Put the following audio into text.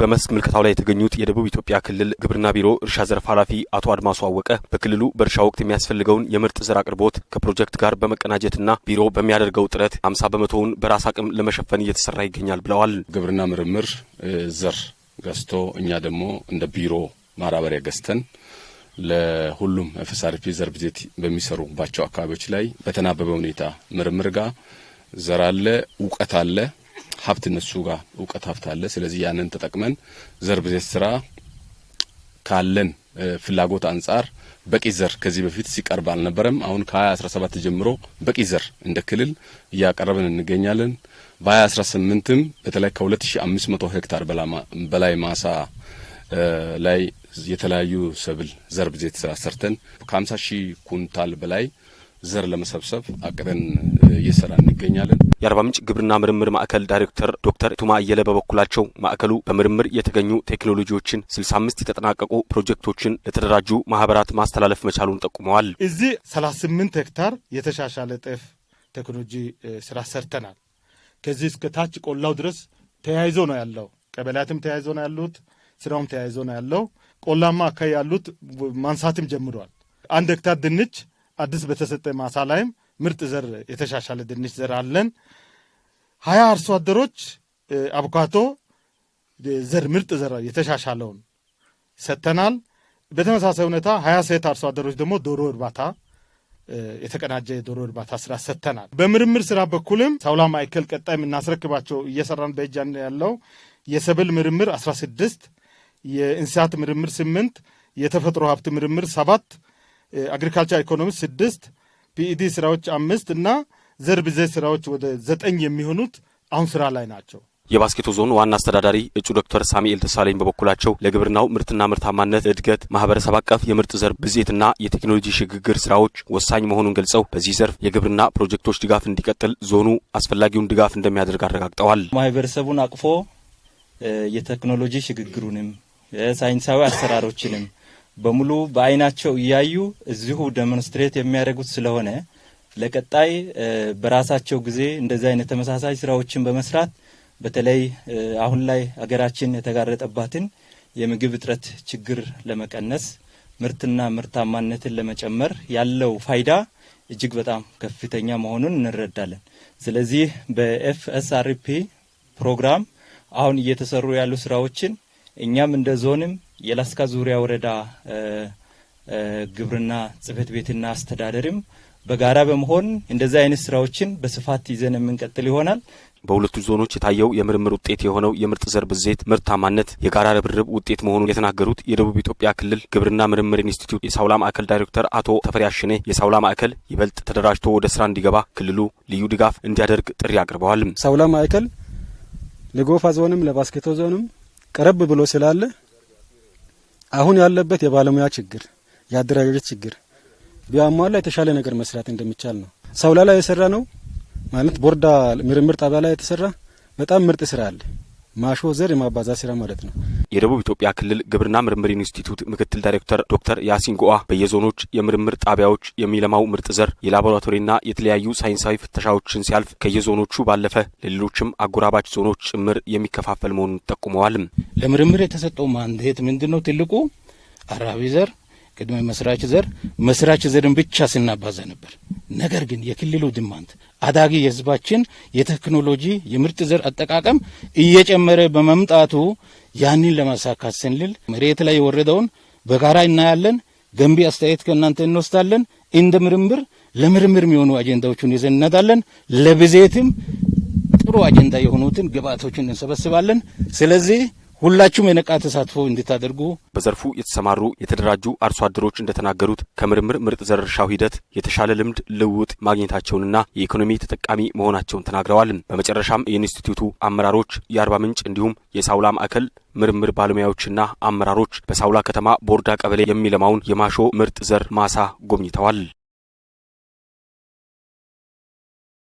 በመስክ ምልከታው ላይ የተገኙት የደቡብ ኢትዮጵያ ክልል ግብርና ቢሮ እርሻ ዘርፍ ኃላፊ አቶ አድማሱ አወቀ በክልሉ በእርሻ ወቅት የሚያስፈልገውን የምርጥ ዘር አቅርቦት ከፕሮጀክት ጋር በመቀናጀትና ቢሮ በሚያደርገው ጥረት አምሳ በመቶውን በራስ አቅም ለመሸፈን እየተሰራ ይገኛል ብለዋል። ግብርና ምርምር ዘር ገዝቶ እኛ ደግሞ እንደ ቢሮ ማራበሪያ ገዝተን ለሁሉም ኤፍኤስአርፒ ዘር ብዜት በሚሰሩባቸው አካባቢዎች ላይ በተናበበ ሁኔታ ምርምር ጋር ዘር አለ፣ እውቀት አለ ሀብት እነሱ ጋር እውቀት ሀብት አለ። ስለዚህ ያንን ተጠቅመን ዘር ብዜት ስራ ካለን ፍላጎት አንጻር በቂ ዘር ከዚህ በፊት ሲቀርብ አልነበረም። አሁን ከ2017 ጀምሮ በቂ ዘር እንደ ክልል እያቀረብን እንገኛለን። በ2018ም በተለይ ከ2500 ሄክታር በላይ ማሳ ላይ የተለያዩ ሰብል ዘር ብዜት ስራ ሰርተን ከ50 ሺህ ኩንታል በላይ ዘር ለመሰብሰብ አቅደን እየሰራ እንገኛለን። የአርባ ምንጭ ግብርና ምርምር ማዕከል ዳይሬክተር ዶክተር ቱማ አየለ በበኩላቸው ማዕከሉ በምርምር የተገኙ ቴክኖሎጂዎችን 65 የተጠናቀቁ ፕሮጀክቶችን ለተደራጁ ማህበራት ማስተላለፍ መቻሉን ጠቁመዋል። እዚህ 38 ሄክታር የተሻሻለ ጤፍ ቴክኖሎጂ ስራ ሰርተናል። ከዚህ እስከ ታች ቆላው ድረስ ተያይዞ ነው ያለው። ቀበሌያትም ተያይዞ ነው ያሉት። ስራውም ተያይዞ ነው ያለው። ቆላማ አካባቢ ያሉት ማንሳትም ጀምሯል። አንድ ሄክታር ድንች አዲስ በተሰጠ ማሳ ላይም ምርጥ ዘር የተሻሻለ ድንች ዘር አለን። ሀያ አርሶ አደሮች አቡካቶ ዘር ምርጥ ዘር የተሻሻለውን ሰጥተናል። በተመሳሳይ ሁኔታ ሀያ ሴት አርሶ አደሮች ደግሞ ዶሮ እርባታ የተቀናጀ የዶሮ እርባታ ስራ ሰጥተናል። በምርምር ስራ በኩልም ሳውላ ማዕከል ቀጣይ የምናስረክባቸው እየሰራን በእጃን ያለው የሰብል ምርምር 16 የእንስሳት ምርምር 8 የተፈጥሮ ሀብት ምርምር ሰባት አግሪካልቸር ኢኮኖሚ ስድስት ፒኢዲ ስራዎች አምስት እና ዘር ብዜ ስራዎች ወደ ዘጠኝ የሚሆኑት አሁን ስራ ላይ ናቸው። የባስኬቶ ዞን ዋና አስተዳዳሪ እጩ ዶክተር ሳሙኤል ደሳለኝ በበኩላቸው ለግብርናው ምርትና ምርታማነት እድገት ማህበረሰብ አቀፍ የምርጥ ዘር ብዜትና የቴክኖሎጂ ሽግግር ስራዎች ወሳኝ መሆኑን ገልጸው በዚህ ዘርፍ የግብርና ፕሮጀክቶች ድጋፍ እንዲቀጥል ዞኑ አስፈላጊውን ድጋፍ እንደሚያደርግ አረጋግጠዋል። ማህበረሰቡን አቅፎ የቴክኖሎጂ ሽግግሩንም የሳይንሳዊ አሰራሮችንም በሙሉ በአይናቸው እያዩ እዚሁ ደሞንስትሬት የሚያደርጉት ስለሆነ ለቀጣይ በራሳቸው ጊዜ እንደዚህ አይነት ተመሳሳይ ስራዎችን በመስራት በተለይ አሁን ላይ ሀገራችን የተጋረጠባትን የምግብ እጥረት ችግር ለመቀነስ ምርትና ምርታማነትን ለመጨመር ያለው ፋይዳ እጅግ በጣም ከፍተኛ መሆኑን እንረዳለን። ስለዚህ በኤፍኤስአርፒ ፕሮግራም አሁን እየተሰሩ ያሉ ስራዎችን እኛም እንደ ዞንም የላስካ ዙሪያ ወረዳ ግብርና ጽህፈት ቤትና አስተዳደርም በጋራ በመሆን እንደዚህ አይነት ስራዎችን በስፋት ይዘን የምንቀጥል ይሆናል። በሁለቱ ዞኖች የታየው የምርምር ውጤት የሆነው የምርጥ ዘር ብዜት ምርታማነት የጋራ ርብርብ ውጤት መሆኑን የተናገሩት የደቡብ ኢትዮጵያ ክልል ግብርና ምርምር ኢንስቲትዩት የሳውላ ማዕከል ዳይሬክተር አቶ ተፈሪ አሽኔ የሳውላ ማዕከል ይበልጥ ተደራጅቶ ወደ ስራ እንዲገባ ክልሉ ልዩ ድጋፍ እንዲያደርግ ጥሪ አቅርበዋል። ሳውላ ማዕከል ለጎፋ ዞንም ለባስኬቶ ዞንም ቀረብ ብሎ ስላለ አሁን ያለበት የባለሙያ ችግር፣ የአደረጃጀት ችግር ቢያሟላ የተሻለ ነገር መስራት እንደሚቻል ነው። ሰውላ ላይ የሰራ ነው ማለት ቦርዳ ምርምር ጣቢያ ላይ የተሰራ በጣም ምርጥ ስራ አለ። ማሾ ዘር የማባዛት ስራ ማለት ነው። የደቡብ ኢትዮጵያ ክልል ግብርና ምርምር ኢንስቲትዩት ምክትል ዳይሬክተር ዶክተር ያሲን ጎአ በየዞኖች የምርምር ጣቢያዎች የሚለማው ምርጥ ዘር የላቦራቶሪና የተለያዩ ሳይንሳዊ ፍተሻዎችን ሲያልፍ ከየዞኖቹ ባለፈ ለሌሎችም አጎራባች ዞኖች ጭምር የሚከፋፈል መሆኑን ጠቁመዋል። ለምርምር የተሰጠው ማንዴት ምንድን ነው? ትልቁ አራቢ ዘር፣ ቅድመ መስራች ዘር፣ መስራች ዘርን ብቻ ስናባዛ ነበር። ነገር ግን የክልሉ ድማንት አዳጊ የህዝባችን የቴክኖሎጂ የምርጥ ዘር አጠቃቀም እየጨመረ በመምጣቱ ያንን ለማሳካት ስንል መሬት ላይ የወረደውን በጋራ እናያለን። ገንቢ አስተያየት ከእናንተ እንወስዳለን። እንደ ምርምር ለምርምር የሚሆኑ አጀንዳዎቹን ይዘን እንሄዳለን። ለብዜትም ጥሩ አጀንዳ የሆኑትን ግብአቶችን እንሰበስባለን። ስለዚህ ሁላችሁም የነቃ ተሳትፎ እንድታደርጉ። በዘርፉ የተሰማሩ የተደራጁ አርሶ አደሮች እንደተናገሩት ከምርምር ምርጥ ዘር እርሻው ሂደት የተሻለ ልምድ ልውጥ ማግኘታቸውንና የኢኮኖሚ ተጠቃሚ መሆናቸውን ተናግረዋል። በመጨረሻም የኢንስቲትዩቱ አመራሮች የአርባ ምንጭ እንዲሁም የሳውላ ማዕከል ምርምር ባለሙያዎችና አመራሮች በሳውላ ከተማ ቦርዳ ቀበሌ የሚለማውን የማሾ ምርጥ ዘር ማሳ ጎብኝተዋል።